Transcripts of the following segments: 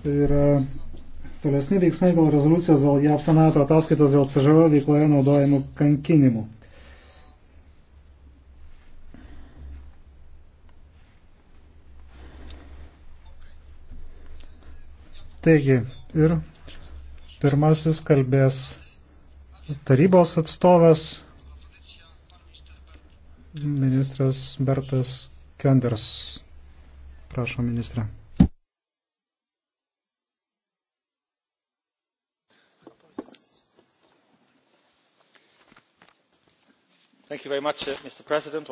Tai yra tolesni veiksmai dėl rezoliucijos dėl JAV senato ataskaitos dėl CŽV veikloje naudojimų kankinimų. Taigi, ir pirmasis kalbės tarybos atstovas, ministras Bertas Kenders. Prašom, ministrė. Much, uh,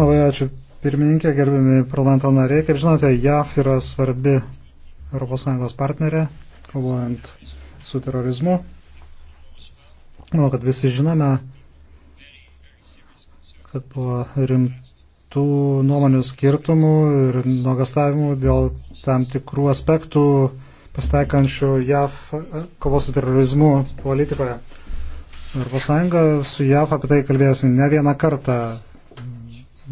Labai ačiū pirmininkė, gerbimi parlamento nariai. Kaip žinote, JAF yra svarbi ES partnerė, kovojant su terorizmu. Manau, kad visi žinome, kad buvo rimtų nuomonių skirtumų ir nuogastavimų dėl tam tikrų aspektų pasitaikančių JAF kovos su terorizmu politikoje. ES su JAF apie tai kalbėjosi ne vieną kartą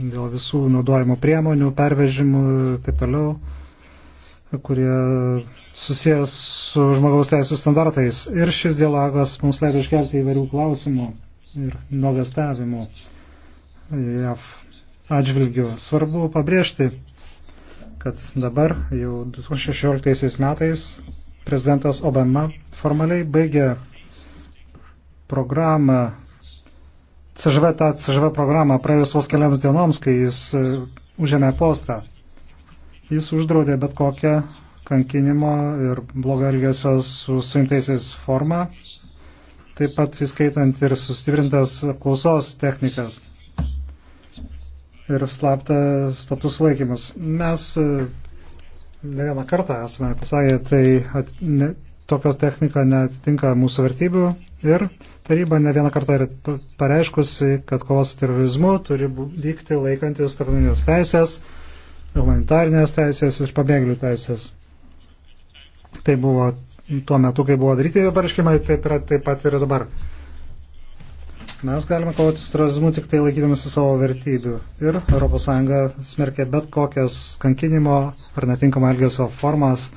dėl visų naudojimo priemonių, pervežimų ir taip toliau, kurie susijęs su žmogaus teisų standartais. Ir šis dialogas mums leido iškelti įvairių klausimų ir nuogastavimų JAF atžvilgių. Svarbu pabrėžti, kad dabar jau 2016 metais prezidentas Obama formaliai baigė programą, CŽV, tą CŽV programą praėjus vos kelioms dienoms, kai jis e, užėmė postą. Jis uždraudė bet kokią kankinimo ir blogo elgesio su suimtaisiais formą, taip pat įskaitant ir sustiprintas klausos technikas ir slaptą, slaptus sulaikymus. Mes e, ne vieną kartą esame pasakę, tai at, ne, tokios technika netitinka mūsų vertybių ir taryba ne vieną kartą yra pareiškusi, kad kova su terorizmu turi vykti laikantis tarptautinės teisės, humanitarinės teisės ir pabėgėlių teisės. Tai buvo tuo metu, kai buvo daryti pareiškimai, taip, yra, taip pat ir dabar. Mes galime kovoti su terorizmu tik tai laikydamasi savo vertybių. Ir ES smerkia bet kokias kankinimo ar netinkamo elgesio formas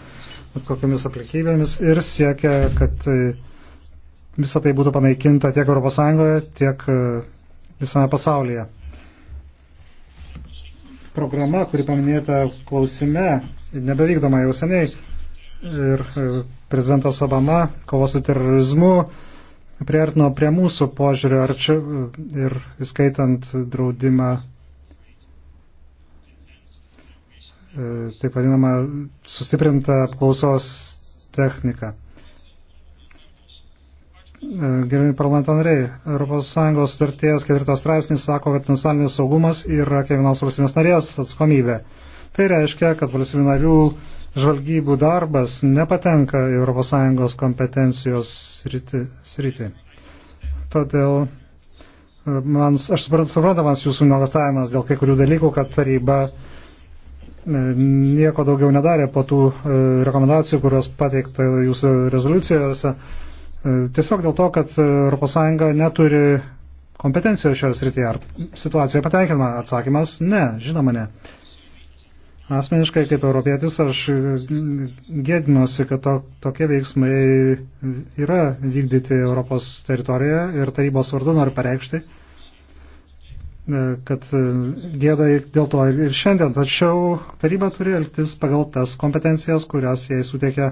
kokiamis aplikybėmis ir siekia, kad e, visą tai būtų panaikinta tiek ES, tiek e, visame pasaulyje. Programa, kuri paminėta klausime, nebevykdoma jau seniai. Ir e, prezidentas Obama kovo su terorizmu priartino prie mūsų požiūrio arčiau ir įskaitant draudimą E, taip vadinama sustiprinta apklausos technika. E, Gerbimi parlamento nariai, ES sutarties ketvirtas straipsnis sako, kad nacionalinis saugumas yra kiekvienos valstybės narės atsakomybė. Tai reiškia, kad valstybių narių žvalgybų darbas nepatenka į ES kompetencijos sritį. Todėl e, man, aš suprantamas jūsų nuogastavimas dėl kai kurių dalykų, kad taryba uh, E, nieko daugiau nedarė po tų e, rekomendacijų, kurios pateikta jūsų rezoliucijose. E, tiesiog dėl to, kad ES neturi kompetencijos šioje srityje. Ar situacija patenkinama? Atsakymas - ne, žinoma ne. Asmeniškai kaip europietis aš gėdinuosi, kad to, tokie veiksmai yra vykdyti Europos teritorijoje ir tarybos vardu noriu pareikšti, E, kad e, gėda dėl to ir šiandien. Tačiau taryba turi elgtis pagal tas kompetencijas, kurias jai suteikia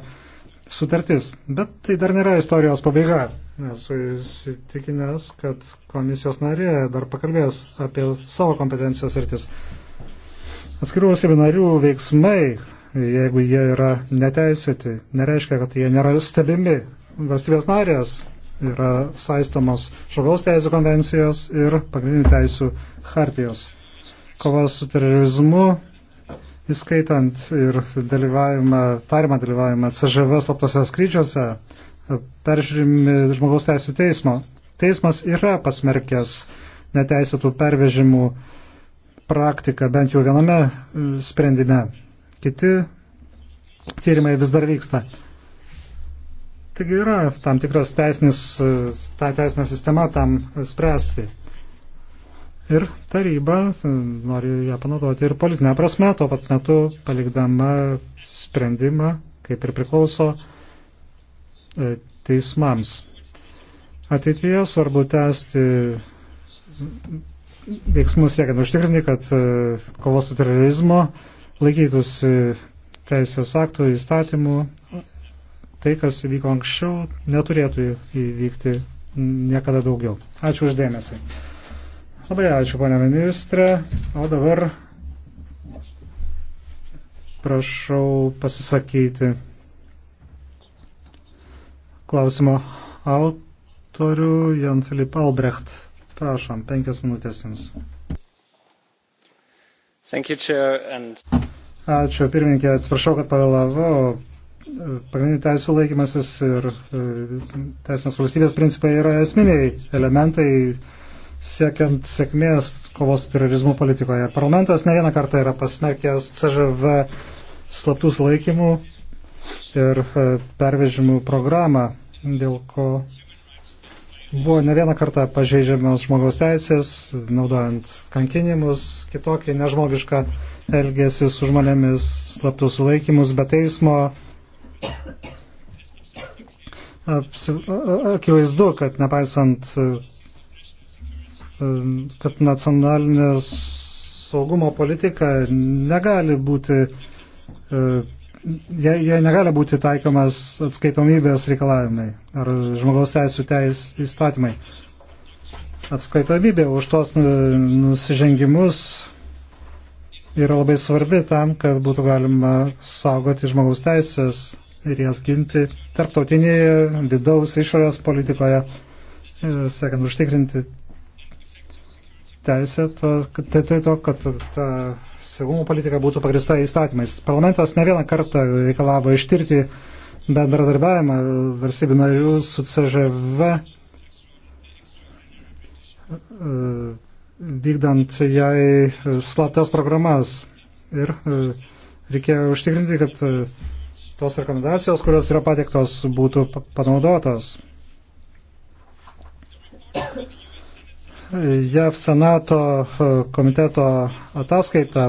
sutartis. Bet tai dar nėra istorijos pabaiga. Esu įsitikinęs, kad komisijos narė dar pakalbės apie savo kompetencijos rytis. Atskirų seminarių veiksmai, jeigu jie yra neteisėti, nereiškia, kad jie nėra stebimi. Valstybės narės yra saistomos žmogaus teisų konvencijos ir pagrindinių teisų hartijos. Kova su terorizmu, įskaitant ir dalyvavimą, tarimą dalyvavimą CŽV slaptose skrydžiuose, peržiūrimi žmogaus teisų teismo. Teismas yra pasmerkęs neteisėtų pervežimų praktiką bent jau viename sprendime. Kiti tyrimai vis dar vyksta. Taigi yra tam tikras teisinis, ta teisinė sistema tam spręsti. Ir taryba nori ją panaudoti ir politinę prasme, tuo pat metu palikdama sprendimą, kaip ir priklauso e, teismams. Ateityje svarbu tęsti veiksmus siekiant užtikrinti, kad e, kovos su terorizmu laikytųsi teisės aktų įstatymų tai, kas vyko anksčiau, neturėtų įvykti niekada daugiau. Ačiū uždėmesi. Labai ačiū, ponia ministrė. O dabar prašau pasisakyti klausimo autorių Jan Filip Albrecht. Prašom, penkias minutės jums. You, and... Ačiū, pirmininkė, atsiprašau, kad pavėlavau pagrindinių teisų laikymasis ir e, teisinės valstybės principai yra esminiai elementai siekiant sėkmės kovos su terorizmu politikoje. Parlamentas ne vieną kartą yra pasmerkęs CŽV slaptų sulaikymų ir e, pervežimų programą, dėl ko buvo ne vieną kartą pažeidžiamas žmogaus teisės, naudojant kankinimus, kitokį nežmogišką elgesį su žmonėmis, slaptų sulaikymus be teismo Akivaizdu, kad nepaisant, e, e, kad nacionalinės saugumo politika negali būti, jie, jie negali būti taikomas atskaitomybės reikalavimai ar žmogaus teisų teis įstatymai. Atskaitomybė už tos nu, nusižengimus yra labai svarbi tam, kad būtų galima saugoti žmogaus teisės ir jas ginti tarptautinėje vidaus išorės politikoje, e, siekiant užtikrinti teisę, tai tai to, kad ta saugumo politika būtų pagrista įstatymais. Parlamentas ne vieną kartą reikalavo ištirti bendradarbiavimą valstybių narių su CŽV e, vykdant jai slaptas programas. Ir e, reikėjo užtikrinti, kad tos rekomendacijos, kurios yra patiktos, būtų panaudotos. JAV Senato e, komiteto ataskaita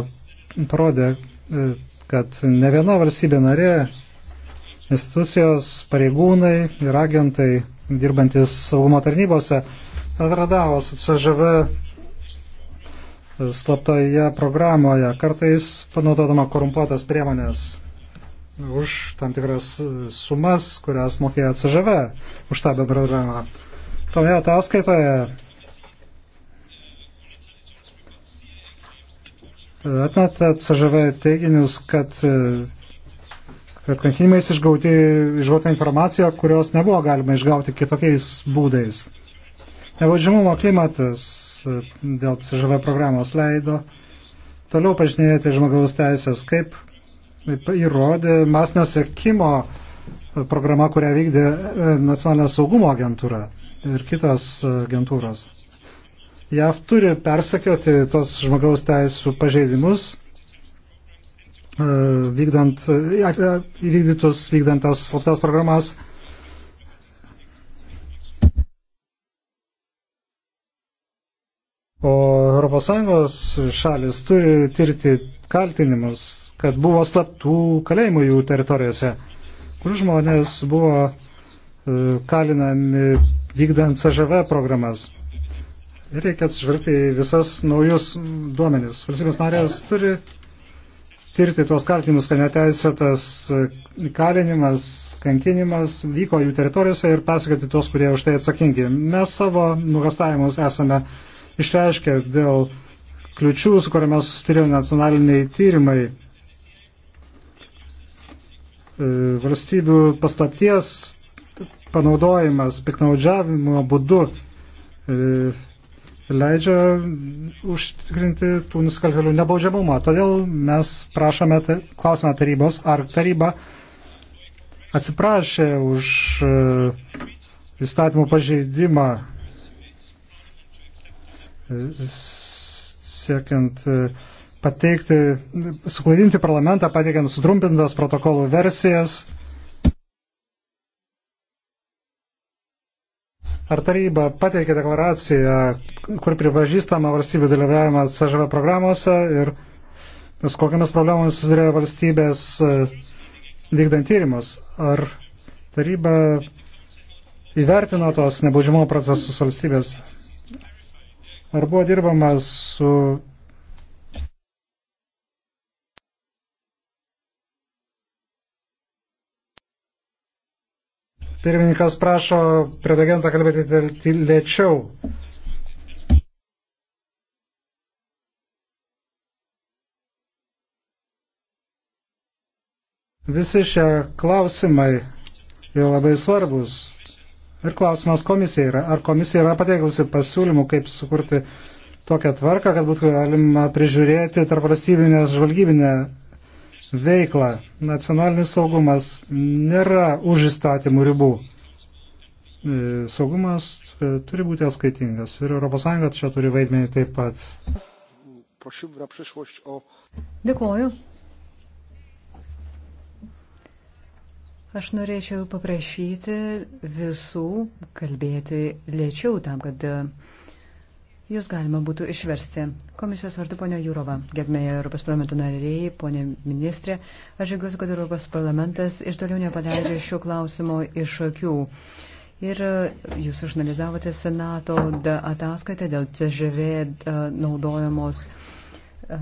parodė, e, kad ne viena valstybė narė, institucijos, pareigūnai ir agentai dirbantis saugumo tarnybose atradavo su CŽV slaptoje programoje, kartais panaudodama korumpuotas priemonės už tam tikras e, sumas, kurias mokėjo CŽV už tą bendradarbiavimą. Toje ataskaitoje e, atmeta CŽV teiginius, kad, e, kad kankinimais išgauti, išgauta informacija, kurios nebuvo galima išgauti kitokiais būdais. Nebaudžiamumo klimatas dėl CŽV programos leido toliau pažinėti žmogaus teisės, kaip įrodė masinio sekimo programa, kurią vykdė e, nacionalinė saugumo agentūra ir kitas agentūros. JAV turi persekioti tos žmogaus teisų pažeidimus, e, vykdant, e, įvykdytus, vykdant tas slaptas programas. O ES šalis turi tirti kaltinimus kad buvo slaptų kalėjimų jų teritorijose, kur žmonės buvo e, kalinami vykdant CŽV programas. Ir reikia atsižvelgti į visas naujus duomenis. Valstybės narės turi tirti tuos kaltinimus, kad neteisėtas e, kalinimas, kankinimas vyko jų teritorijose ir pasakoti tuos, kurie už tai atsakingi. Mes savo nugastavimus esame išreiškę dėl kliučių, su kuriamis sustirėjo nacionaliniai tyrimai E, valstybių paslapties panaudojimas piknaudžiavimo būdu e, leidžia užtikrinti tų nusikaltelių nebaudžiamumą. Todėl mes prašome, klausime tarybos, ar taryba atsiprašė už e, įstatymų pažeidimą siekiant uh, pateikti, suklaidinti parlamentą, pateikiant sutrumpintas protokolų versijas. Ar taryba pateikė deklaraciją, kur pripažįstama valstybių dalyvavimą CŽV programuose ir su kokiamis problemomis susidurėjo valstybės e, vykdant tyrimus? Ar taryba įvertino tos nebaudžiamo procesus valstybės? Ar buvo dirbama su Pirmininkas prašo prelegentą kalbėti lėčiau. Visi šie klausimai yra labai svarbus. Ir klausimas komisija yra, ar komisija yra pateikusi pasiūlymų, kaip sukurti tokią tvarką, kad būtų galima prižiūrėti tarp valstybinės žvalgybinę veiklą. Nacionalinis saugumas nėra už įstatymų ribų. E, saugumas e, turi būti atskaitingas ir ES čia turi vaidmenį taip pat. Dėkuoju. Aš norėčiau paprašyti visų kalbėti lėčiau tam, kad Jūs galima būtų išversti. Komisijos vardu, ponia Jūrova, gerbėjai Europos parlamento nariai, ponia ministrė, aš žiūrėsiu, kad Europos parlamentas ir toliau nepaleidžia šio klausimo iš akių. Ir e, jūs išanalizavote Senato ataskaitę dėl CŽV e, naudojamos e,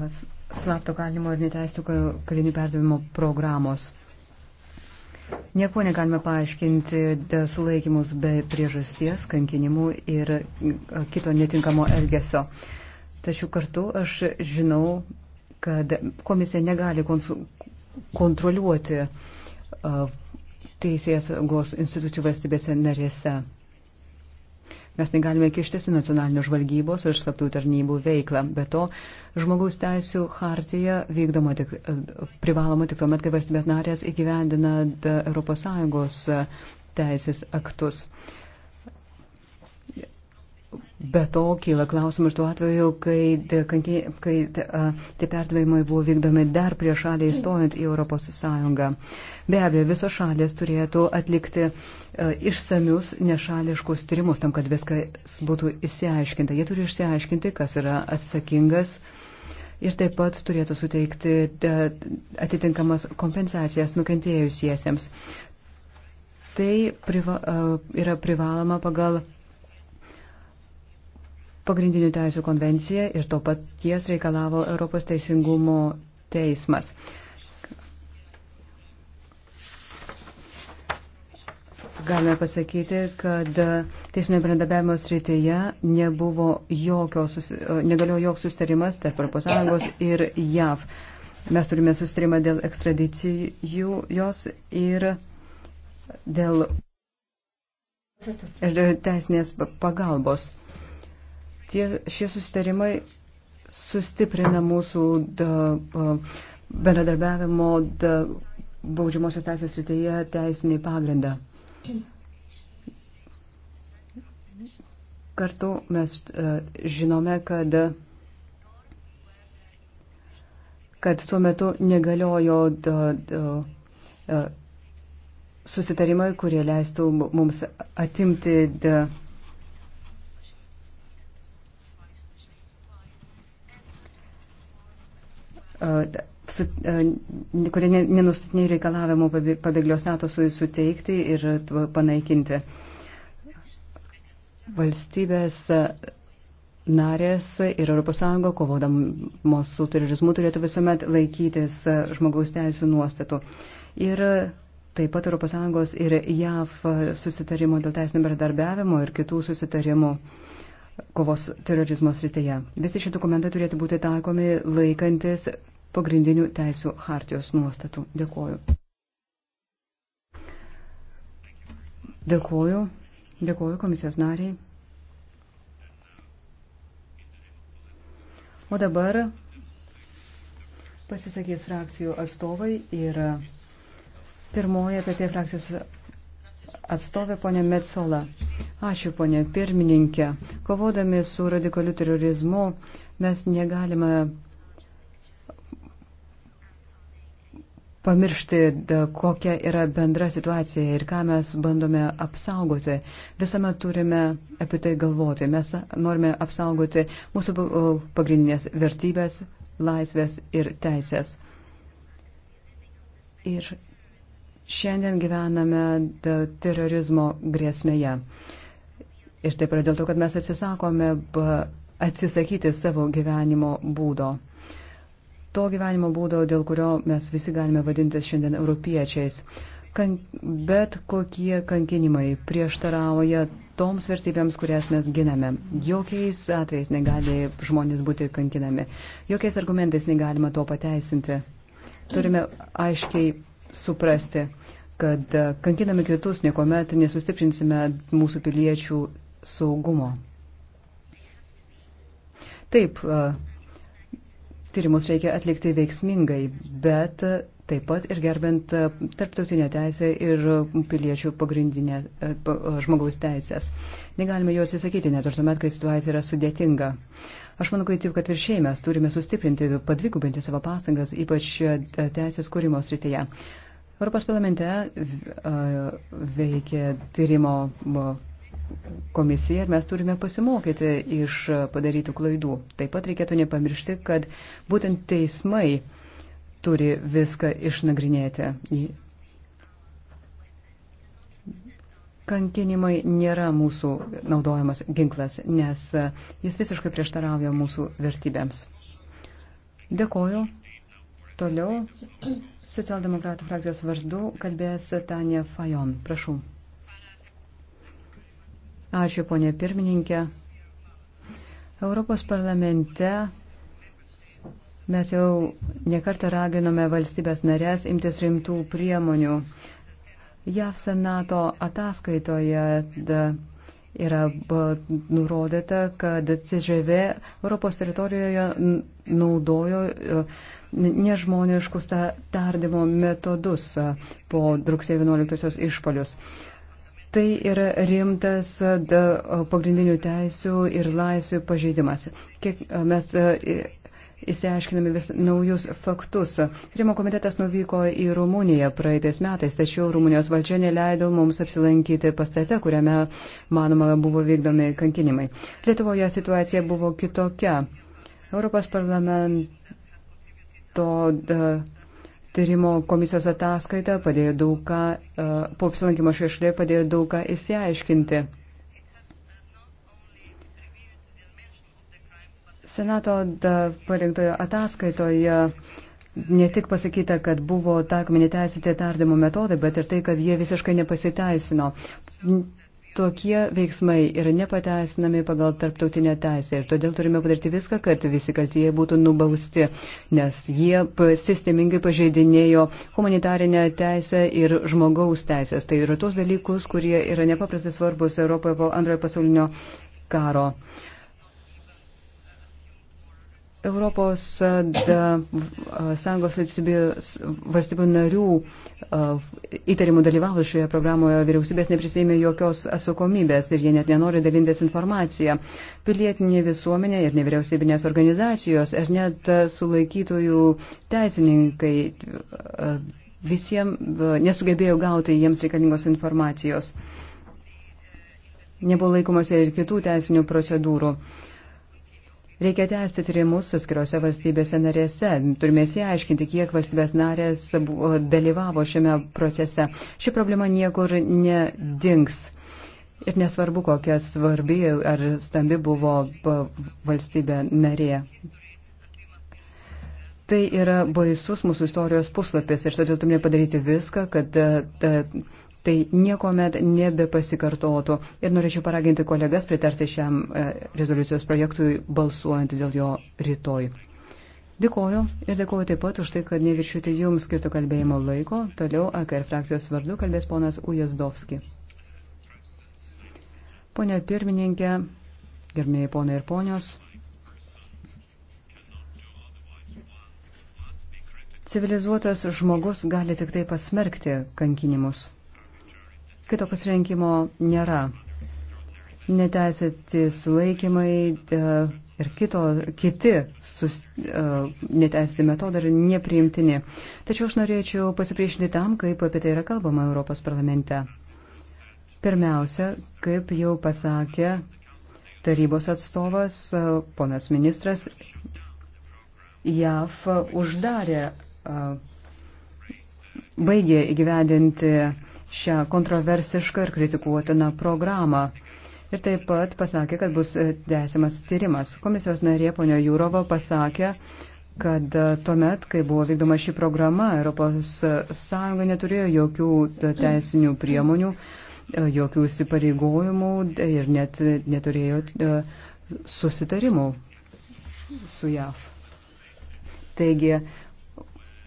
slapto kalinimo ir neteistų kalinių perdavimo programos. Nieko negalime paaiškinti sulaikimus be priežasties, kankinimų ir kito netinkamo elgesio. Tačiau kartu aš žinau, kad komisija negali kontroliuoti teisėjas gos institucijų valstybėse narėse. Mes negalime kištis į nacionalinių žvalgybos ir slaptų tarnybų veiklą. Be to, žmogaus teisų hartija vykdoma tik, e, privaloma tik tuomet, kai valstybės narės įgyvendina ES e, teisės aktus. Be to kyla klausimas tuo atveju, kai, kai, kai tie perdavimai buvo vykdomi dar prieš šalį įstojant į ES. Be abejo, visos šalės turėtų atlikti išsamius nešališkus tyrimus tam, kad viskas būtų išsiaiškinta. Jie turi išsiaiškinti, kas yra atsakingas ir taip pat turėtų suteikti atitinkamas kompensacijas nukentėjusiesiems. Tai priva, yra privaloma pagal pagrindinių teisų konvenciją ir to paties reikalavo Europos teisingumo teismas. Galime pasakyti, kad teisinio bendradarbiavimo srityje nebuvo jokio, negalėjo joks sustarimas tarp ES ir JAV. Mes turime sustarimą dėl ekstradicijų jos ir dėl ir teisinės pagalbos tie, šie susitarimai sustiprina mūsų da, bendradarbiavimo da, baudžiamosios teisės rytyje teisinį pagrindą. Kartu mes žinome, kad, kad tuo metu negaliojo da, da, susitarimai, kurie leistų mums atimti da, E, su, e, kurie nenustatiniai reikalavimų pabėglio statusui suteikti ir panaikinti. Valstybės narės ir ES kovodamos su terorizmu turėtų visuomet laikytis žmogaus teisų nuostatų. Ir taip pat ES ir JAV susitarimo dėl teisinio bendradarbiavimo ir kitų susitarimų kovos terorizmo srityje. Visi šie dokumentai turėtų būti taikomi laikantis pagrindinių teisų hartijos nuostatų. Dėkuoju. Dėkuoju. Dėkuoju komisijos nariai. O dabar pasisakys frakcijų atstovai ir pirmoji apie tai frakcijos atstovė ponė Metsola. Ačiū, ponė pirmininkė. Kovodami su radikaliu terorizmu mes negalime pamiršti, kokia yra bendra situacija ir ką mes bandome apsaugoti. Visame turime apie tai galvoti. Mes norime apsaugoti mūsų uh, pagrindinės vertybės, laisvės ir teisės. Ir šiandien gyvename terorizmo grėsmėje. Ir taip yra dėl to, kad mes atsisakome atsisakyti savo gyvenimo būdo. To gyvenimo būdo, dėl kurio mes visi galime vadintis šiandien europiečiais. Kan, bet kokie kankinimai prieštarauja toms vertybėms, kurias mes giname. Jokiais atvejais negali žmonės būti kankinami. Jokiais argumentais negalima to pateisinti. Turime aiškiai suprasti, kad kankinami kitus niekuomet nesustiprinsime mūsų piliečių saugumo. Taip, e, tyrimus reikia atlikti veiksmingai, bet e, taip pat ir gerbent e, tarptautinę teisę ir piliečių pagrindinę žmogaus teisės. Negalime jos įsakyti net ir tuomet, kai situacija yra sudėtinga. Aš manau, kad taip, kad viršiai mes turime sustiprinti, padvigubinti savo pastangas, ypač teisės kūrimo srityje. Europos parlamente veikia tyrimo komisija ir mes turime pasimokyti iš padarytų klaidų. Taip pat reikėtų nepamiršti, kad būtent teismai turi viską išnagrinėti. Kankinimai nėra mūsų naudojamas ginklas, nes jis visiškai prieštarauja mūsų vertybėms. Dėkoju. Toliau socialdemokratų frakcijos vardu kalbės Tanja Fajon. Prašau. Ačiū, ponė pirmininkė. Europos parlamente mes jau nekartą raginome valstybės narės imtis rimtų priemonių. JAV Senato ataskaitoje da, yra nurodyta, kad CŽV Europos teritorijoje naudojo e, nežmoniškus tardymo metodus po rugsėjo 11 išpolius. Tai yra rimtas pagrindinių teisų ir laisvių pažeidimas. Kiek mes įsiaiškinami vis naujus faktus. Rimo komitetas nuvyko į Rumuniją praeitais metais, tačiau Rumunijos valdžia neleido mums apsilankyti pastate, kuriame, manoma, buvo vykdomi kankinimai. Lietuvoje situacija buvo kitokia. Europos parlamento. Da, tyrimo komisijos ataskaita padėjo daug ką, e, po apsilankimo šešlė padėjo daug ką įsiaiškinti. Senato parinktojo ataskaitoje ne tik pasakyta, kad buvo taikomi neteisėti tardymo metodai, bet ir tai, kad jie visiškai nepasiteisino tokie veiksmai yra nepateisinami pagal tarptautinę teisę ir todėl turime padaryti viską, kad visi kaltieji būtų nubausti, nes jie sistemingai pažeidinėjo humanitarinę teisę ir žmogaus teisės. Tai yra tos dalykus, kurie yra nepaprastai svarbus Europoje po antrojo pasaulinio karo. Uh, Europos Sąjungos valstybių narių įtarimų dalyvavo šioje programoje, vyriausybės neprisėmė jokios atsakomybės ir jie net nenori dalintis informaciją. Pilietinė visuomenė ir nevyriausybinės organizacijos ir net sulaikytojų teisininkai visiems nesugebėjo gauti jiems reikalingos informacijos. Nebuvo laikomasi ir kitų teisinių procedūrų. Reikia tęsti tyrimus atskiriuose valstybėse narėse. Turime įsiaiškinti, kiek valstybės narės dalyvavo šiame procese. Ši problema niekur nedings. Ir nesvarbu, kokia svarbi ar stambi buvo valstybė narė. Tai yra baisus mūsų istorijos puslapis ir todėl turime padaryti viską, kad ta, ta, tai niekuomet nebepasikartotų. Ir norėčiau paraginti kolegas pritarti šiam e, rezoliucijos projektui balsuojant dėl jo rytoj. Dėkoju ir dėkoju taip pat už tai, kad neviršiuti jums skirto kalbėjimo laiko. Toliau AKR frakcijos vardu kalbės ponas Ujazdovski. Pone pirmininkė, gerbėjai ponai ir ponios, civilizuotas žmogus gali tik tai pasmerkti kankinimus. Kito pasirinkimo nėra. Neteisėti sulaikymai e, ir kito, kiti sus, e, neteisėti metodai yra nepriimtini. Tačiau aš norėčiau pasipriešinti tam, kaip apie tai yra kalbama Europos parlamente. Pirmiausia, kaip jau pasakė tarybos atstovas, e, ponas ministras, JAF uždarė, baigė įgyvendinti šią kontroversišką ir kritikuotiną programą. Ir taip pat pasakė, kad bus e, tęsiamas tyrimas. Komisijos narė ponio Jūrovo pasakė, kad e, tuomet, kai buvo vykdoma ši programa, ES neturėjo jokių e, teisinių priemonių, jokių įsipareigojimų ir net neturėjo susitarimų su JAV. Taigi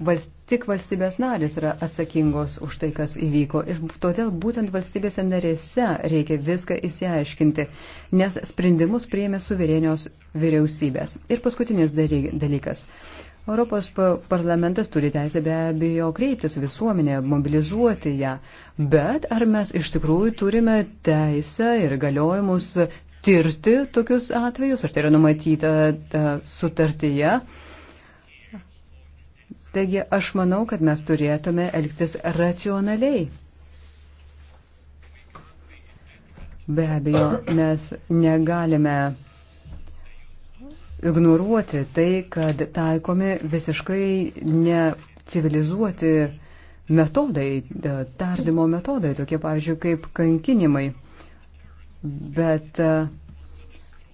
Vals, tik valstybės narės yra atsakingos už tai, kas įvyko. Ir todėl būtent valstybėse narėse reikia viską įsiaiškinti, nes sprendimus prieėmė suverenios vyriausybės. Ir paskutinis dalykas. Europos parlamentas turi teisę be abejo kreiptis visuomenę, mobilizuoti ją, bet ar mes iš tikrųjų turime teisę ir galiojimus tirti tokius atvejus, ar tai yra numatyta sutartyje? Taigi aš manau, kad mes turėtume elgtis racionaliai. Be abejo, mes negalime ignoruoti tai, kad taikomi visiškai necivilizuoti metodai, e, tardymo metodai, tokie, pavyzdžiui, kaip kankinimai. Bet uh,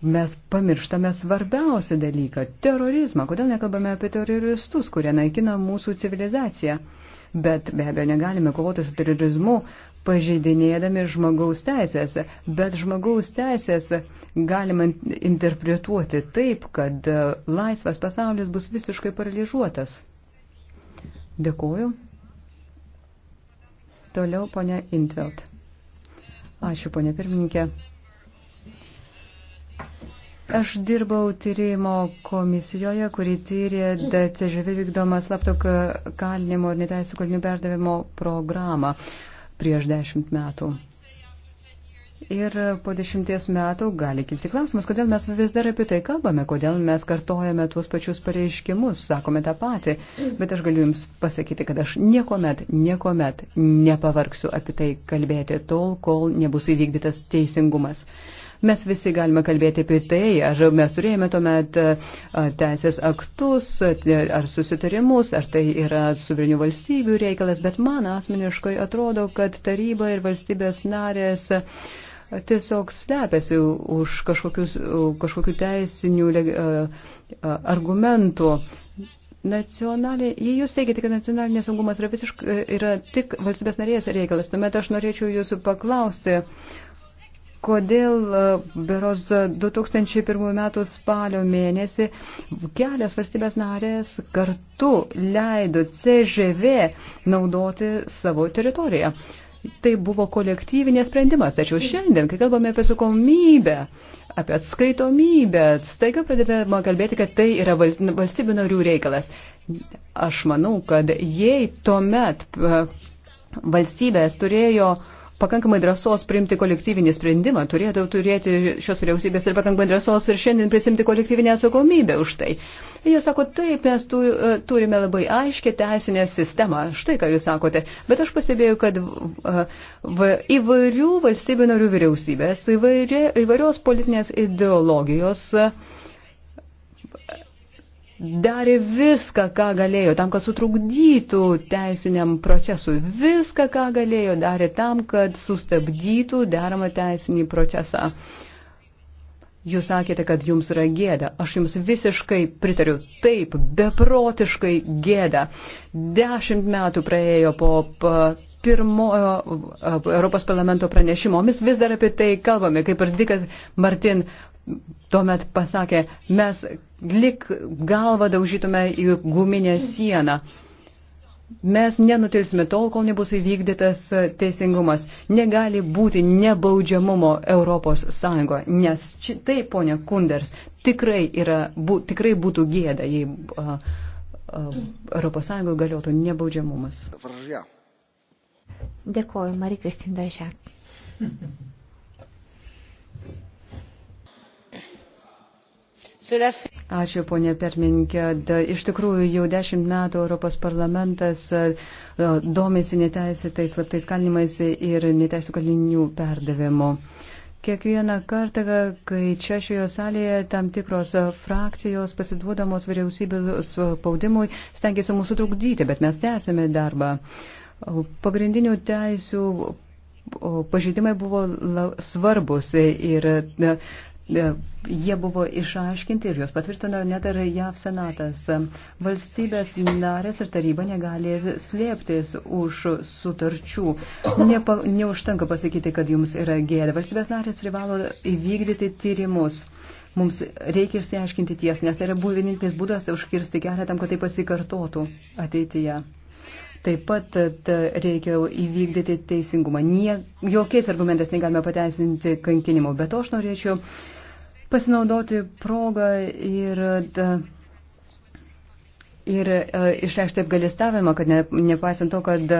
mes pamirštame svarbiausią dalyką - terorizmą. Kodėl nekalbame apie teroristus, kurie naikina mūsų civilizaciją? Bet be abejo, negalime kovoti su terorizmu, pažeidinėdami žmogaus teisės. Bet žmogaus teisės galima interpretuoti taip, kad e, laisvas pasaulis bus visiškai paralyžiuotas. Dėkuoju. Toliau ponia Intvelt. Ačiū, ponia pirmininkė. Aš dirbau tyrimo komisijoje, kuri tyrė CŽV vykdomą slapto kalinimo ir neteisų kalinių perdavimo programą prieš dešimt metų. Ir po dešimties metų gali kilti klausimas, kodėl mes vis dar apie tai kalbame, kodėl mes kartojame tuos pačius pareiškimus, sakome tą patį. Bet aš galiu Jums pasakyti, kad aš niekuomet, niekuomet nepavargsiu apie tai kalbėti tol, kol nebus įvykdytas teisingumas. Mes visi galime kalbėti apie tai, ar mes turėjome tuomet teisės aktus, ar susitarimus, ar tai yra suverinių valstybių reikalas, bet man asmeniškai atrodo, kad taryba ir valstybės narės tiesiog slepiasi už kažkokių teisinių argumentų. Nacionalinė, jei jūs teigiate, kad nacionalinės saugumas yra, visiškai, e, yra tik valstybės narės reikalas, tuomet aš norėčiau jūsų paklausti, kodėl e, beros 2001 metų spalio mėnesį kelias valstybės narės kartu leido CŽV naudoti savo teritoriją. Tai buvo kolektyvinės sprendimas, tačiau šiandien, kai kalbame apie sukomybę, apie atskaitomybę, staiga pradedama kalbėti, kad tai yra valstybių narių reikalas. Aš manau, kad jei tuomet e, valstybės turėjo uh, pakankamai drąsos priimti kolektyvinį sprendimą, turėtų turėti šios vyriausybės ir pakankamai drąsos ir šiandien prisimti kolektyvinę atsakomybę už tai. Jie sako, taip, mes tu, e, turime labai aiškę teisinę sistemą, štai ką jūs sakote, bet aš pastebėjau, kad v, e, įvairių valstybių narių vyriausybės, įvairi, įvairios politinės ideologijos, uh, darė viską, ką galėjo, tam, kad sutrukdytų teisiniam procesui. Viską, ką galėjo, darė tam, kad sustabdytų deramą teisinį procesą. Jūs sakėte, kad jums yra gėda. Aš jums visiškai pritariu. Taip, beprotiškai gėda. Dešimt metų praėjo po pirmojo Europos parlamento pranešimo. Mes vis dar apie tai kalbame, kaip ir Dikas Martin tuomet pasakė, mes lik galvą daužytume į guminę sieną. Mes nenutilsime tol, kol nebus įvykdytas teisingumas. Negali būti nebaudžiamumo Europos Sąjungoje, nes tai, ponia Kunders, tikrai, yra, bu, tikrai būtų gėda, jei uh, uh, Europos Sąjungoje galiotų nebaudžiamumas. Dėkoju, Marija Kristina Žek. Ačiū, ponė Perminkė. Iš tikrųjų, jau dešimt metų Europos parlamentas domėsi neteisėtais slaptais kalinimais ir neteisėtų kalinių perdavimu. Kiekvieną kartą, kai čia šioje salėje tam tikros frakcijos pasiduodamos vyriausybės spaudimui, stengiasi mūsų trukdyti, bet mes tęsime darbą. Pagrindinių teisių pažeidimai buvo svarbus ir E, jie buvo išaiškinti ir juos patvirtino net ir JAV senatas. Valstybės narės ir taryba negali slėptis už sutarčių. Nepa, neužtenka pasakyti, kad jums yra gėda. Valstybės narės privalo įvykdyti tyrimus. Mums reikia išsiaiškinti ties, nes tai yra vienintelis būdas užkirsti kelią tam, kad tai pasikartotų ateityje. Taip pat reikia įvykdyti teisingumą. Nie, jokiais argumentais negalime pateisinti kankinimo. Bet to aš norėčiau pasinaudoti progą ir, ir e, išreikšti apgalistavimą, kad ne, nepaisant to, kad e,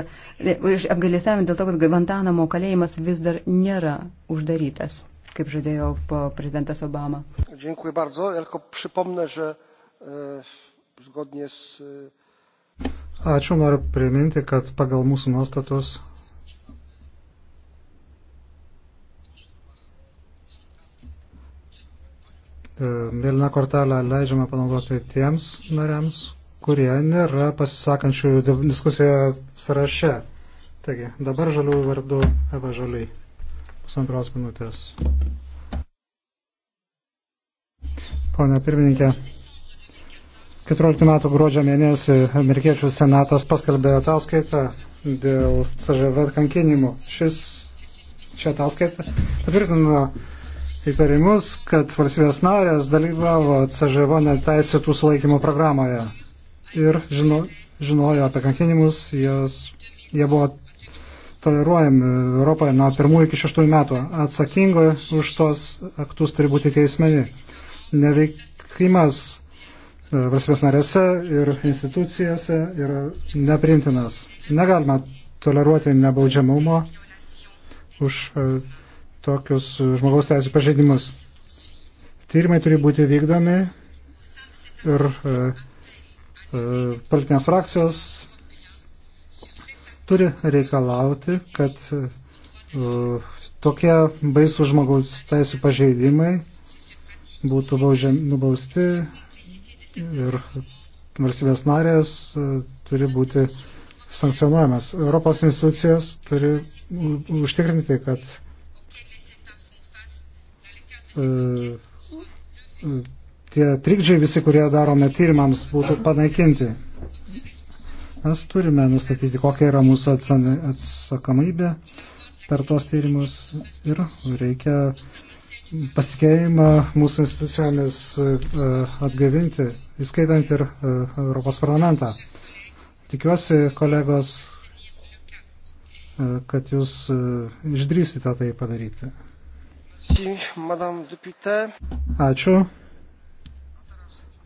apgalistavimą dėl to, kad Guantanamo kalėjimas vis dar nėra uždarytas, kaip žadėjo prezidentas Obama. Dziękuję bardzo. Ja tylko przypomnę, że e, zgodnie z. E, Ačiū, noriu priminti, kad pagal mūsų nuostatus E, Mėlyną kortelę leidžiame panaudoti tiems nariams, kurie nėra pasisakančių diskusijoje sąraše. Taigi, dabar žalių vardu Eva Žaliai. Pusantros minutės. Pone pirmininkė, 14 metų gruodžio mėnesį amerikiečių senatas paskelbė ataskaitą dėl CŽV kankinimų. Šis čia ataskaita patvirtino įtarimus, kad valstybės narės dalyvavo CŽV neteisėtų sulaikymo programoje ir žino, žinojo apie kankinimus, jos, jie buvo toleruojami Europoje nuo pirmųjų iki šeštųjų metų. Atsakingo už tos aktus turi būti teismeni. Neveikimas e, valstybės narėse ir institucijose yra nepriimtinas. Negalima toleruoti nebaudžiamumo už e, tokius žmogaus teisų pažeidimus. Tyrimai turi būti vykdomi ir e, e, politinės frakcijos turi reikalauti, kad e, tokie baisų žmogaus teisų pažeidimai būtų baudžiam, nubausti ir valstybės narės e, turi būti sankcionuojamas. Europos institucijos turi užtikrinti, kad Mm, tie trikdžiai visi, kurie darome tyrimams, būtų panaikinti. Mes turime nustatyti, kokia yra mūsų atsakomybė per tuos tyrimus ir reikia pasitikėjimą mūsų institucijomis e, atgavinti, įskaitant ir e, Europos parlamentą. Tikiuosi, kolegos, e, kad jūs išdrįsite tai padaryti. Ačiū.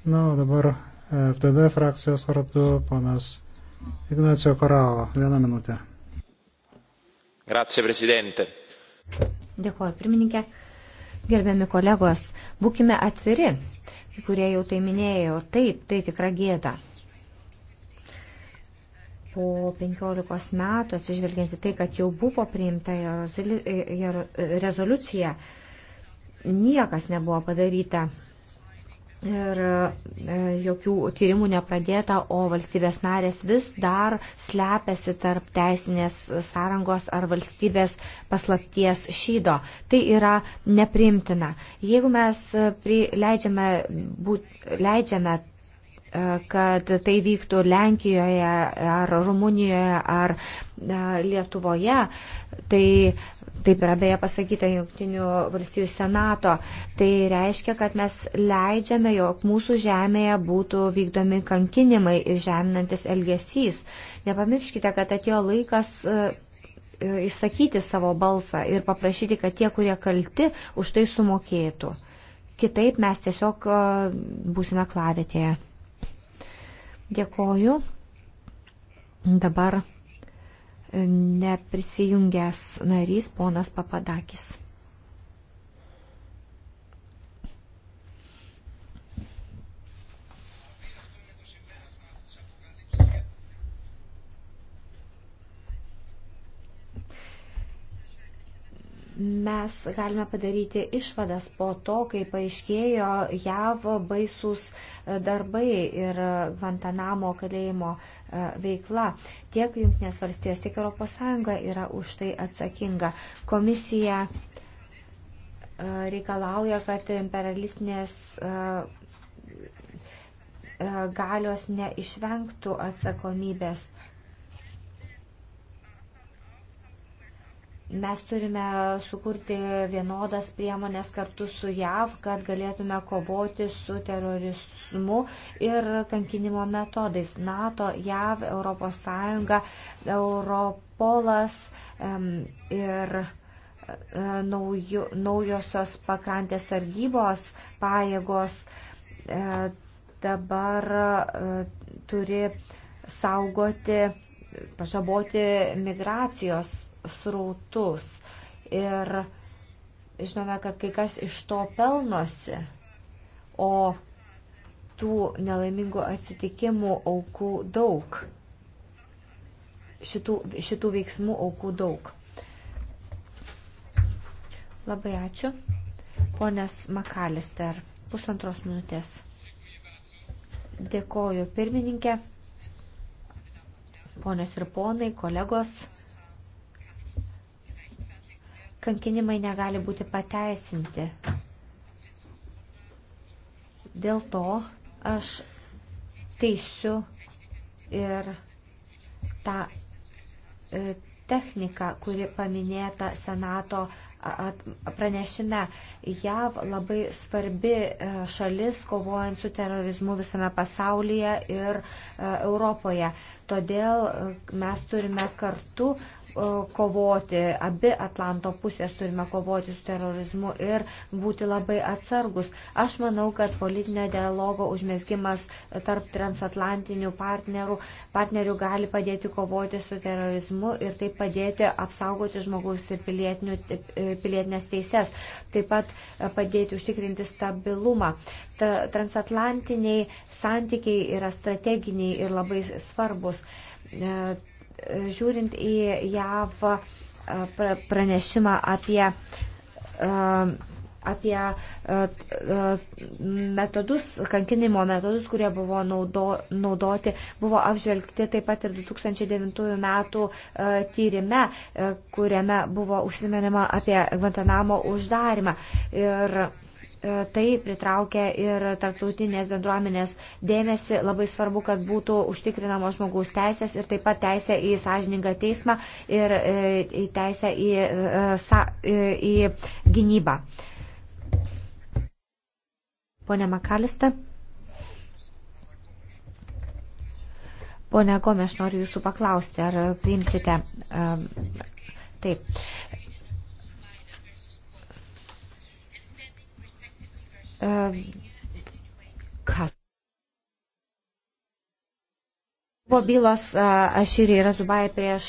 Na, o dabar e, FDD frakcijos vardu ponas Ignacio Koravo. Vieną minutę. Grazie, prezidente. Dėkuoju, pirmininkė. Gerbiami kolegos, būkime atviri, kurie jau tai minėjo. Taip, tai tikra gėda po 15 metų, atsižvelgiant į tai, kad jau buvo priimta rezoliucija, niekas nebuvo padaryta ir e, jokių tyrimų nepradėta, o valstybės narės vis dar slepiasi tarp teisinės sąrangos ar valstybės paslapties šydo. Tai yra nepriimtina. Jeigu mes leidžiame, būt, leidžiame kad tai vyktų Lenkijoje ar Rumunijoje ar e, Lietuvoje. Tai taip yra beje pasakyta Junktinių valstybių senato. Tai reiškia, kad mes leidžiame, jog mūsų žemėje būtų vykdomi kankinimai ir žeminantis elgesys. Nepamirškite, kad atėjo laikas e, e, išsakyti savo balsą ir paprašyti, kad tie, kurie kalti, už tai sumokėtų. Kitaip mes tiesiog būsime klavėtėje. Dėkoju. Dabar e, neprisijungęs narys ponas Papadakis. mes galime padaryti išvadas po to, kai paaiškėjo JAV baisus e, darbai ir Guantanamo kalėjimo e, veikla. Tiek Junktinės valstijos, tiek ES yra už tai atsakinga. Komisija e, reikalauja, kad imperialistinės galios neišvengtų atsakomybės. Mes turime sukurti vienodas priemonės kartu su JAV, kad galėtume kovoti su terorizmu ir kankinimo metodais. NATO, JAV, ES, Europolas ir e, naujų, naujosios pakrantės sargybos pajėgos e, dabar e, turi saugoti, pažaboti migracijos srautus. Ir žinome, kad kai kas iš to pelnosi, o tų nelaimingų atsitikimų aukų daug. Šitų, šitų veiksmų aukų daug. Labai ačiū. Ponės Makalister, pusantros minutės. Dėkoju pirmininkė, ponės ir ponai, kolegos kankinimai negali būti pateisinti. Dėl to aš teisiu ir tą e, techniką, kuri paminėta Senato pranešime. JAV labai svarbi e, šalis kovojant su terorizmu visame pasaulyje ir e, Europoje. Todėl mes turime kartu kovoti, abi Atlanto pusės turime kovoti su terorizmu ir būti labai atsargus. Aš manau, kad politinio dialogo užmėsgimas tarp transatlantinių partnerių, partnerių gali padėti kovoti su terorizmu ir taip padėti apsaugoti žmogaus ir e, pilietinės teises, taip pat e, padėti užtikrinti stabilumą. Ta, transatlantiniai santykiai yra strateginiai ir labai svarbus e, žiūrint į JAV e, pranešimą apie e, apie e, metodus, kankinimo metodus, kurie buvo naudo, naudoti, buvo apžvelgti taip pat ir 2009 metų tyrime, kuriame buvo užsimenima apie Guantanamo uždarimą. Ir E, tai pritraukia ir tarptautinės bendruomenės dėmesį. Labai svarbu, kad būtų užtikrinamos žmogaus teisės ir taip pat teisė į sąžiningą teismą ir e, į teisę į, e, sa, į gynybą. Pone Makalista. Pone Gome, aš noriu jūsų paklausti, ar priimsite. Taip. Kas? Buvo bylos Ašyriai Razubai prieš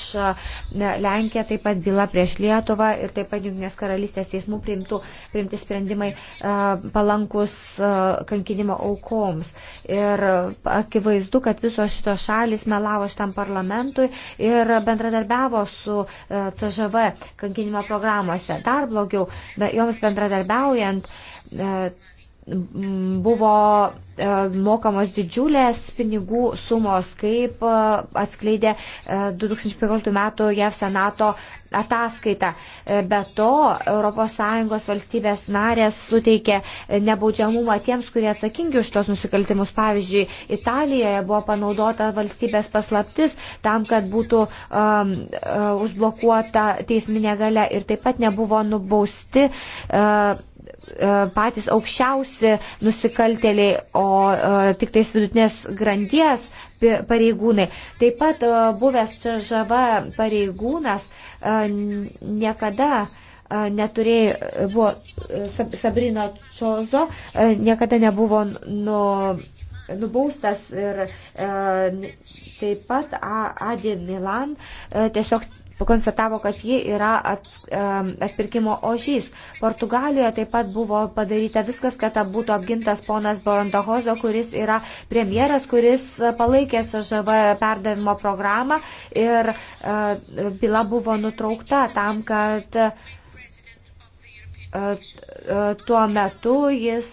Lenkiją, taip pat byla prieš Lietuvą ir taip pat Junginės karalystės teismų priimtų, priimti sprendimai palankus kankinimo aukoms. Ir akivaizdu, kad visos šitos šalis melavo šitam parlamentui ir bendradarbiavo su CŽV kankinimo programuose. Dar blogiau, joms bendradarbiaujant buvo e, mokamos didžiulės pinigų sumos, kaip e, atskleidė 2015 e, metų JAV Senato ataskaita. Be to, ES valstybės narės suteikė nebaudžiamumą tiems, kurie atsakingi už tos nusikaltimus. Pavyzdžiui, Italijoje buvo panaudota valstybės paslaptis tam, kad būtų um, užblokuota teisminė gale ir taip pat nebuvo nubausti. Uh, E, patys aukščiausi nusikaltėliai, o e, tik tais vidutinės grandies pareigūnai. Taip pat e, buvęs čia žava pareigūnas niekada neturėjo, buvo Sabrino Čozo, niekada nebuvo nu, nubaustas ir taip pat Adi Milan tiesiog konstatavo, kad ji yra ats, atpirkimo ožys. Portugalijoje taip pat buvo padaryta viskas, kad būtų apgintas ponas Borondohozo, kuris yra premjeras, kuris palaikė SŽV perdavimo programą ir e, byla buvo nutraukta tam, kad e, e, tuo metu jis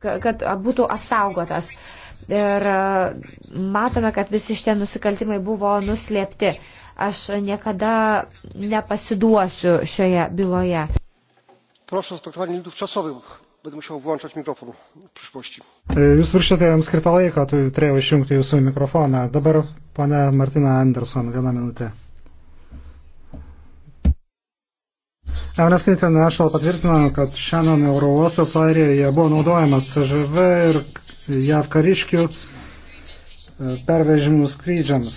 kad būtų apsaugotas. Ir e, matome, kad visi šitie nusikaltimai buvo nuslėpti. Aš niekada nepasiduosiu šioje byloje. Proszę o respektowanie limitów czasowych. Będę musiał włączać mikrofon w przyszłości. Jūs viršėte jam skirtą laiką, tu turėjau išjungti jūsų mikrofoną. Dabar, pane Martina Anderson, vieną minutę. Amnesty International patvirtino, kad šiandien oro uostas Airijoje buvo naudojamas CŽV ir JAV kariškių e, pervežimų skrydžiams.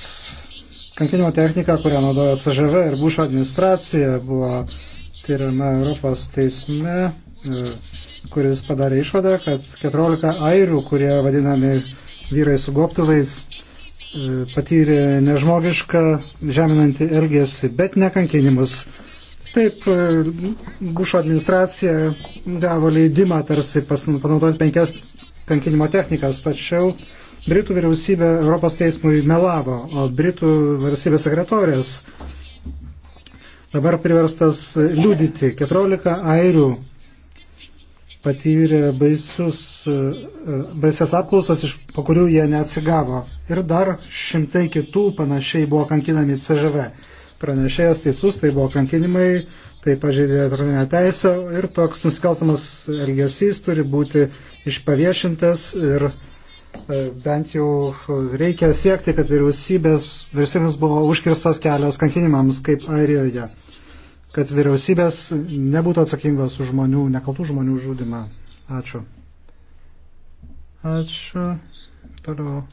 Kankinimo technika, kurią naudojo CŽV ir Bušo administracija, buvo tyriama Europos teisme, e, kuris padarė išvadą, kad 14 airių, kurie vadinami vyrai su goptuvais, e, patyrė nežmogišką, žeminantį elgesį, bet ne kankinimus Taip, e, Bušo administracija gavo leidimą tarsi panaudojant penkias kankinimo technikas, tačiau Britų vyriausybė Europos teismui melavo, o Britų vyriausybės sekretorės dabar priverstas liūdyti. 14 airių patyrė baisius, e, baisias apklausas, iš, po kurių jie neatsigavo. Ir dar šimtai kitų panašiai buvo kankinami CŽV pranešėjas teisus, tai buvo kankinimai, tai pažeidė tarptautinę teisę ir toks nusikalstamas elgesys turi būti išpaviešintas ir e, bent jau reikia siekti, kad vyriausybės, vyriausybės buvo užkirstas kelias kankinimams, kaip Airijoje, kad vyriausybės nebūtų atsakingos už žmonių, nekaltų žmonių žudimą. Ačiū. Ačiū. Toliau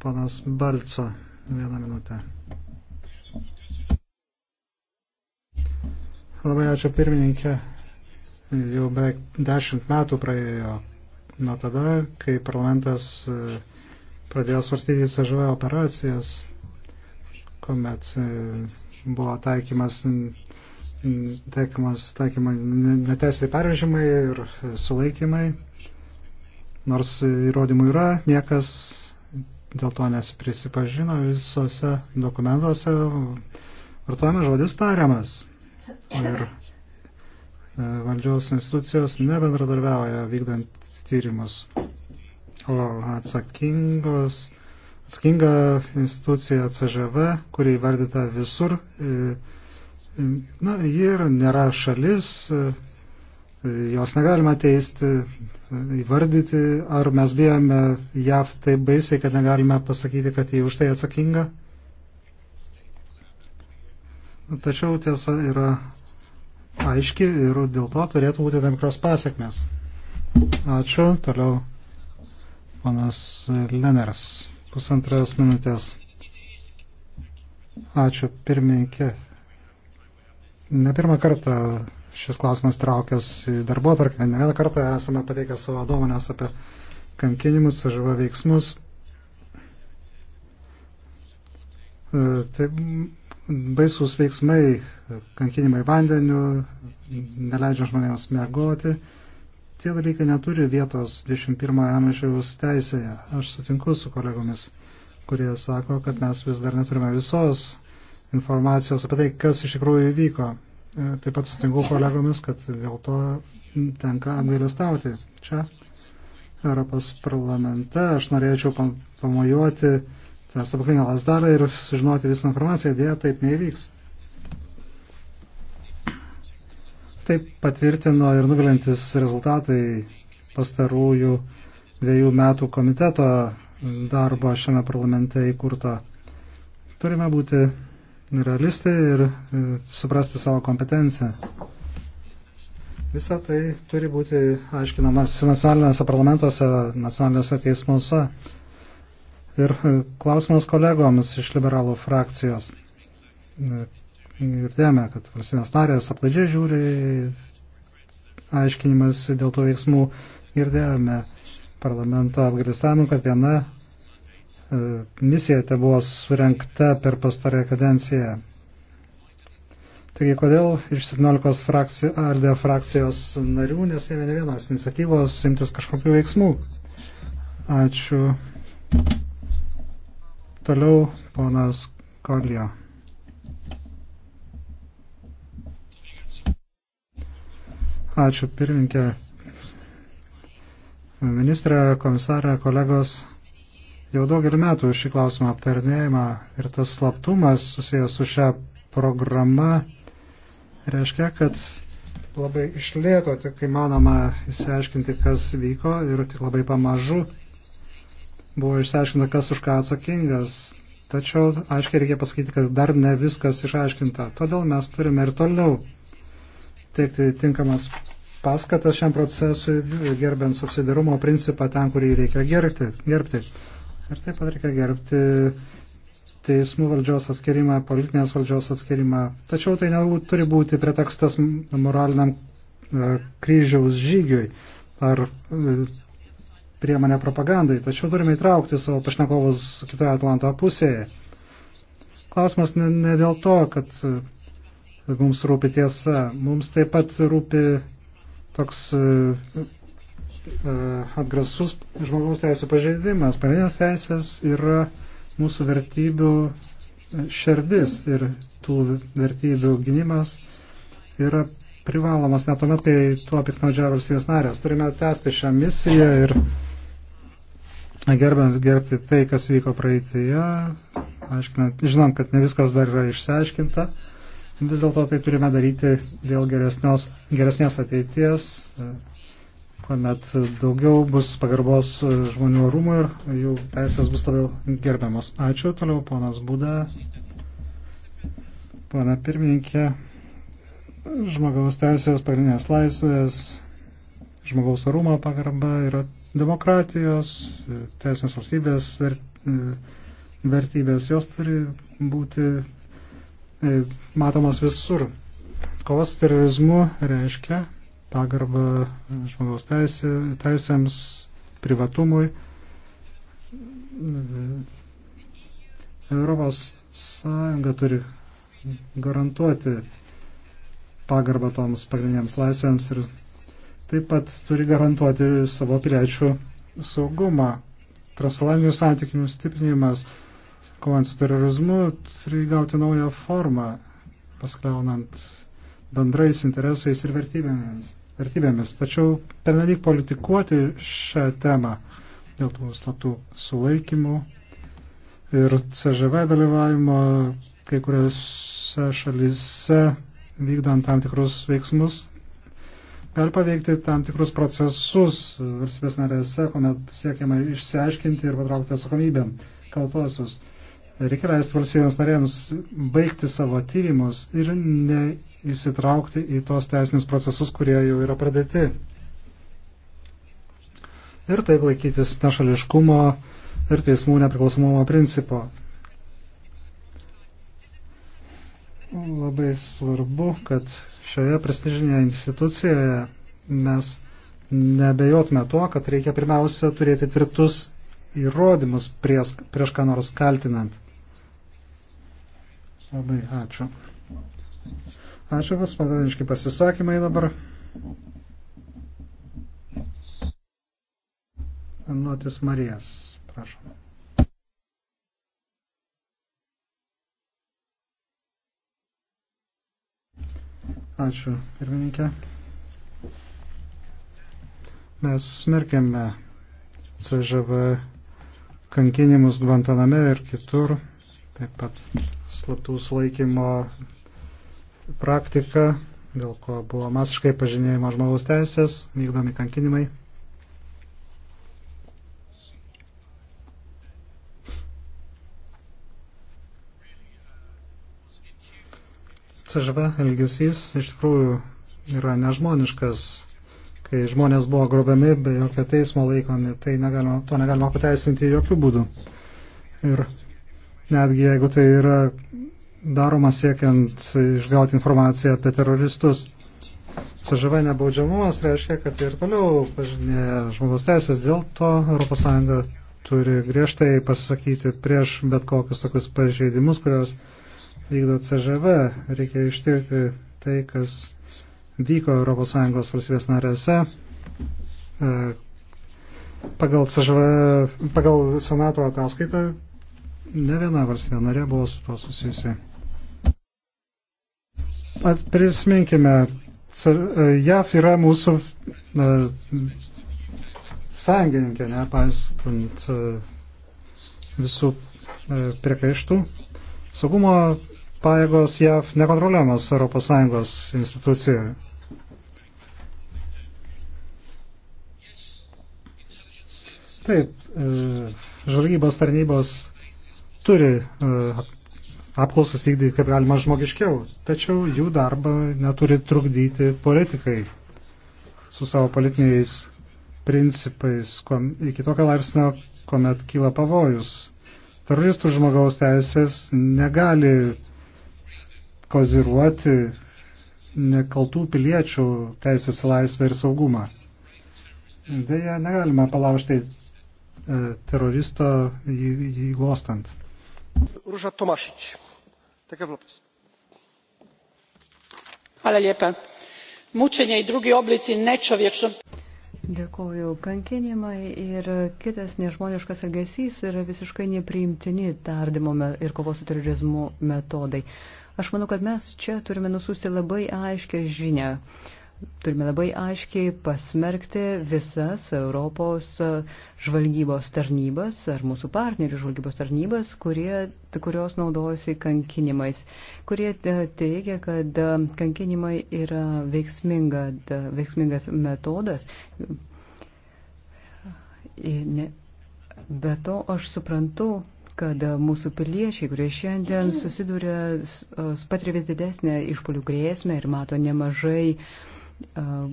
panas Balco. Vieną minutę. Labai ačiū pirmininkė. Jau beveik dešimt metų praėjo nuo tada, kai parlamentas e, pradėjo svarstyti CŽV operacijas, kuomet e, buvo taikymas, taikymas, taikymas neteisai pervežimai ir e, sulaikymai. Nors įrodymų yra, niekas dėl to nesiprisipažino visose dokumentuose. Vartojame žodis tariamas ir e, valdžios institucijos nebendradarbiauja vykdant tyrimus, o atsakingos atsakinga institucija CŽV, kuri įvardyta visur. E, e, na, ji ir nėra šalis, jos negalima teisti, įvardyti, ar mes bijome JAV taip baisiai, kad negalime pasakyti, kad ji už tai atsakinga. Tačiau tiesa yra aiški ir dėl to turėtų būti tam tikros pasiekmes. Ačiū. Toliau panas Leners. Pusantros minutės. Ačiū pirmininkė. Ne pirmą kartą šis klausimas traukęs į darbo atvarkę. Ne vieną kartą esame pateikę savo duomenės apie kankinimus ir veiksmus. E, tai baisūs veiksmai, kankinimai vandeniu, neleidžia žmonėms mėgoti. Tie dalykai neturi vietos 21 amžiaus teisėje. Aš sutinku su kolegomis, kurie sako, kad mes vis dar neturime visos informacijos apie tai, kas iš tikrųjų įvyko. E, taip pat sutinku kolegomis, kad dėl to tenka apgailestauti. Čia Europos parlamente aš norėčiau pamojuoti stebuklinę lasdelę ir sužinoti visą informaciją, dėja taip neįvyks. Taip patvirtino ir nuvilintis rezultatai pastarųjų dviejų metų komiteto darbo šiame parlamente įkurto. Turime būti realistai ir e, suprasti savo kompetenciją. Visą tai turi būti aiškinamas nacionaliniuose parlamentuose, nacionaliniuose teismuose, Ir e, klausimas kolegomis iš liberalų frakcijos. E, girdėjome, kad valstybės narės aplaidžiai žiūri aiškinimas dėl tų veiksmų. Girdėjome parlamento apgalistavimų, kad viena e, misija te buvo surenkta per pastarąją kadenciją. Taigi, kodėl iš 17 frakcijų, ALD frakcijos narių nesėmė ne vienos iniciatyvos imtis kažkokių veiksmų? Ačiū. Toliau ponas Kolio. Ačiū pirmininkė. Ministrė, komisarė, kolegos, jau daugelį metų šį klausimą aptarnėjimą ir tas slaptumas susijęs su šią programą reiškia, kad labai išlėto, tik įmanoma įsiaiškinti, kas vyko ir labai pamažu Buvo išsiaiškinta, kas už ką atsakingas. Tačiau aiškiai reikia pasakyti, kad dar ne viskas išaiškinta. Todėl mes turime ir toliau teikti tinkamas paskatas šiam procesui, gerbent subsidarumo principą ten, kurį reikia gerbti. gerbti. Ir taip pat reikia gerbti teismų valdžios atskirimą, politinės valdžios atskirimą. Tačiau tai nebūt, turi būti pretekstas moraliniam e, kryžiaus žygiui ar e, priemonė propagandai, tačiau turime įtraukti savo pašnekovus kitoje Atlanto pusėje. Klausimas ne, ne dėl to, kad mums rūpi tiesa, mums taip pat rūpi toks e, e, atgrasus žmogaus teisų pažeidimas. Pagrindinės teisės yra mūsų vertybių šerdis ir tų vertybių gynimas yra privalomas net tuomet, kai tuo piknaudžia valstybės narės. Turime tęsti šią misiją ir gerbant, gerbti tai, kas vyko praeitėje, aiškinant, žinant, kad ne viskas dar yra išsiaiškinta, vis dėlto tai turime daryti dėl geresnios, geresnės ateities, kuomet daugiau bus pagarbos žmonių rūmų ir jų teisės bus labiau gerbiamas. Ačiū, toliau ponas Būda, pana pirmininkė, žmogaus teisės, pagrindinės laisvės, žmogaus orumo pagarba yra Demokratijos, teisinės valstybės vertybės, jos turi būti e, matomas visur. Kovas su terorizmu reiškia pagarbą žmogaus teisė, teisėms, privatumui. Europos Sąjunga turi garantuoti pagarbą toms pagrindiniams laisvėms ir taip pat turi garantuoti savo piliečių saugumą. Transatlantinių santykių stiprinimas, kovant su terorizmu, turi gauti naują formą, paskliaunant bendrais interesais ir vertybėmis. vertybėmis. Tačiau pernelyg politikuoti šią temą dėl tų slaptų sulaikymų ir CŽV dalyvavimo kai kuriuose šalise vykdant tam tikrus veiksmus gali paveikti tam tikrus procesus valstybės narėse, kuomet siekiama išsiaiškinti ir patraukti atsakomybę kaltuosius. Reikia leisti valstybėms narėms baigti savo tyrimus ir neįsitraukti į tos teisinius procesus, kurie jau yra pradėti. Ir taip laikytis nešališkumo ir teismų nepriklausomumo principo. Labai svarbu, kad Šioje prestižinėje institucijoje mes nebejotume tuo, kad reikia pirmiausia turėti tvirtus įrodymus prieš, prieš ką nors kaltinant. Labai ačiū. Ačiū vis, spontaniški pasisakymai dabar. Notis Marijas, prašom. Ačiū, pirmininkė. Mes smerkėme CŽV kankinimus Guantaname ir kitur, taip pat slaptų sulaikymo praktiką, dėl ko buvo masiškai pažinėjimo žmogaus teisės, vykdomi kankinimai. CŽV elgesys iš tikrųjų yra nežmoniškas. Kai žmonės buvo grobiami be jokio teismo laikomi, tai negalima, to negalima pateisinti jokių būdų. Ir netgi jeigu tai yra daroma siekiant išgauti informaciją apie teroristus, CŽV nebaudžiamumas reiškia, kad ir toliau pažinėja žmogaus teisės, dėl to ES turi griežtai pasisakyti prieš bet kokius tokius pažeidimus, kurios vykdo CŽV, reikia ištirti tai, kas vyko ES valstybės narėse e, pagal, CŽV, pagal Senato ataskaitą. Ne viena valstybė narė buvo su to susijusi. Prisiminkime, e, JAF yra mūsų e, sąjungininkė, nepaistant visų priekaištų. Saugumo pajėgos JAV nekontroliuojamas ES institucijoje. Taip, e, žvalgybos tarnybos turi e, apklausas vykdyti kaip galima žmogiškiau, tačiau jų darbą neturi trukdyti politikai su savo politiniais principais kom, iki tokio laipsnio, kuomet kyla pavojus. Teroristų žmogaus teisės negali koziruoti nekaltų piliečių teisės laisvę ir saugumą. Deja, negalima palaužti e, teroristo jį, jį glostant. Ruža Tomašič, Tekevlopas. Hvala lijepa. Mučenje i drugi oblici nečovječnog. Dėkoju. Kankinimai ir kitas nežmoniškas elgesys yra visiškai nepriimtini tardymo ir kovos su terorizmu metodai. Aš manau, kad mes čia turime nusiųsti labai aiškę žinę. Turime labai aiškiai pasmerkti visas Europos žvalgybos tarnybas ar mūsų partnerių žvalgybos tarnybas, kurie, kurios naudojasi kankinimais, kurie e, teigia, kad e, kankinimai yra veiksminga, e, veiksmingas metodas. Be to aš suprantu, kad mūsų piliečiai, kurie šiandien susiduria, patiria vis didesnę išpolių grėsmę ir mato nemažai uh,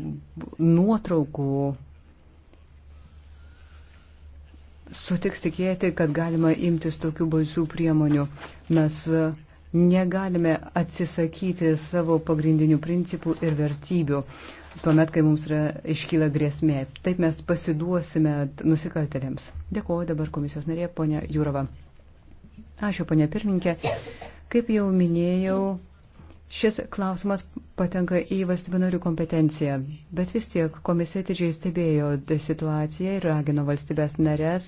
nuotraukų, sutiks tikėti, kad galima imtis tokių baisių priemonių. Mes negalime atsisakyti savo pagrindinių principų ir vertybių. Tuomet, kai mums yra, iškyla grėsmė, taip mes pasiduosime nusikaltelėms. Dėkuoju dabar komisijos narė, ponia Jūrova. Ačiū, ponė pirmininkė. Kaip jau minėjau, šis klausimas patenka į valstybių narių kompetenciją, bet vis tiek komisija didžiai stebėjo situaciją ir ragino valstybės narės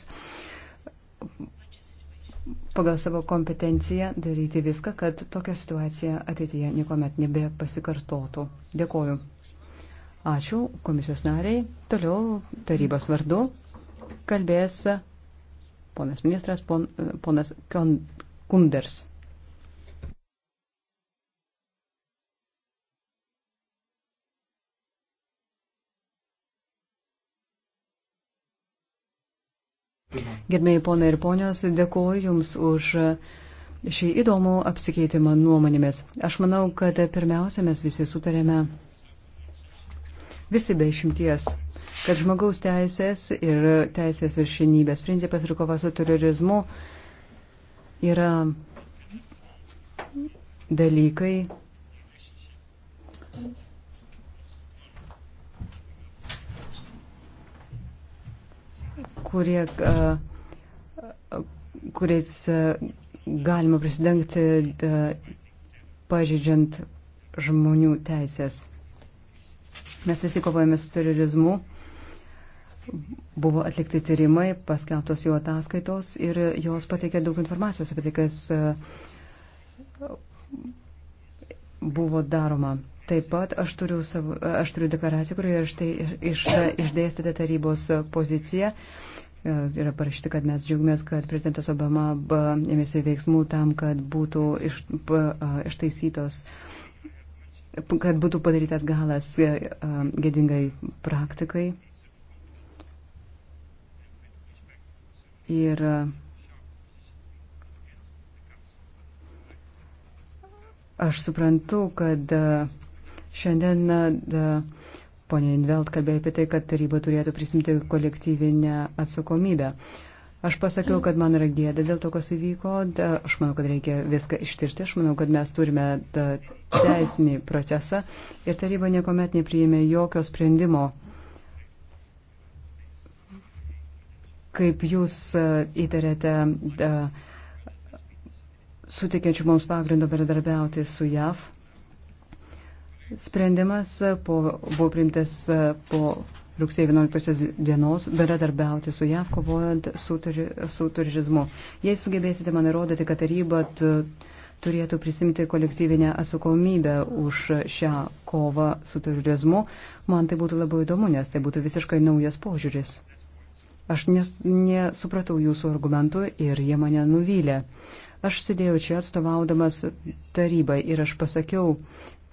pagal savo kompetenciją daryti viską, kad tokia situacija ateityje niekuomet nebepasikartotų. Dėkoju. Ačiū komisijos nariai. Toliau tarybos vardu kalbės ponas ministras, pon, ponas Kunders. Gerbėjai ponai ir ponios, dėkuoju Jums už šį įdomų apsikeitimą nuomonėmis. Aš manau, kad pirmiausia mes visi sutarėme, visi be išimties kad žmogaus teisės ir teisės viršinybės principas ir kova su terorizmu yra dalykai, kurie, kuriais galima prisidengti pažydžiant žmonių teisės. Mes visi kovojame su terorizmu buvo atlikti tyrimai, paskelbtos jų ataskaitos ir jos pateikė daug informacijos apie tai, kas e, buvo daroma. Taip pat aš turiu, savo, aš turiu deklaraciją, kurioje aš tai iš, išdėstėte tarybos poziciją. E, yra parašyta, kad mes džiaugiamės, kad prezidentas Obama ėmėsi veiksmų tam, kad būtų iš, ištaisytos kad būtų padarytas galas e, gėdingai praktikai Ir e, aš suprantu, kad e, šiandien e, ponė Invelt kalbėjo apie tai, kad taryba turėtų prisimti kolektyvinę atsakomybę. Aš pasakiau, kad man yra gėda dėl to, kas įvyko. Da, aš manau, kad reikia viską ištirti. Aš manau, kad mes turime da, teisinį procesą ir taryba niekuomet nepriėmė jokio sprendimo kaip jūs e, įtarėte, e, suteikiančių mums pagrindo bendradarbiauti su JAV. Sprendimas e, po, buvo priimtas po rugsėjo 11 dienos bendradarbiauti su JAV kovojant su, turi, su turizmu. Jei sugebėsite man įrodyti, kad taryba turėtų prisimti kolektyvinę atsakomybę už šią kovą su turizmu, man tai būtų labai įdomu, nes tai būtų visiškai naujas požiūris. Aš nes, nesupratau jūsų argumentų ir jie mane nuvylė. Aš sėdėjau čia atstovaudamas tarybai ir aš pasakiau,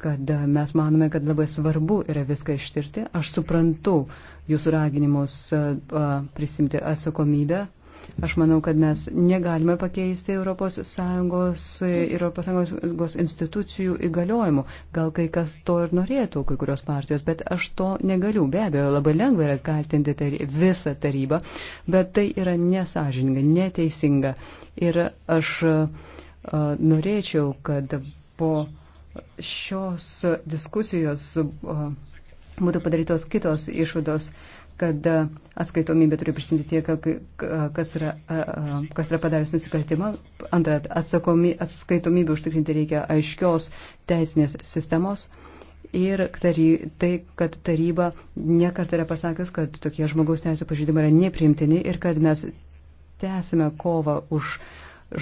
kad mes manome, kad labai svarbu yra viską ištirti. Aš suprantu jūsų raginimus prisimti atsakomybę Aš manau, kad mes negalime pakeisti ES ir ES institucijų įgaliojimų. Gal kai kas to ir norėtų, kai kurios partijos, bet aš to negaliu. Be abejo, labai lengva yra kaltinti tary, visą tarybą, bet tai yra nesažininga, neteisinga. Ir aš uh, norėčiau, kad po šios diskusijos uh, būtų padarytos kitos išvados. Uh, kad atskaitomybė turi prisimti tiek, kas yra, kas yra padaręs nusikaltimą. Antra, atskaitomybė užtikrinti reikia aiškios teisinės sistemos. Ir tai, kad taryba nekart yra pasakius, kad tokie žmogaus teisų pažydimai yra nepriimtini ir kad mes tęsime kovą už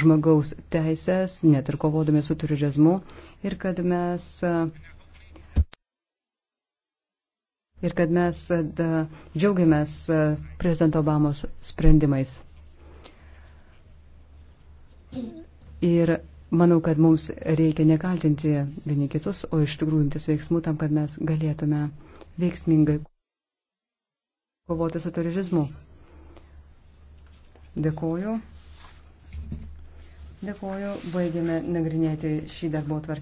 žmogaus teisės, net ir kovodami su turizmu, ir kad mes uh, ir kad mes e, džiaugiamės e, prezidento Obamos sprendimais. Ir manau, kad mums reikia nekaltinti vieni kitus, o iš tikrųjų imtis veiksmų tam, kad mes galėtume veiksmingai kovoti su terorizmu. Dėkoju. Dėkoju. Baigėme nagrinėti šį darbo tvarkį.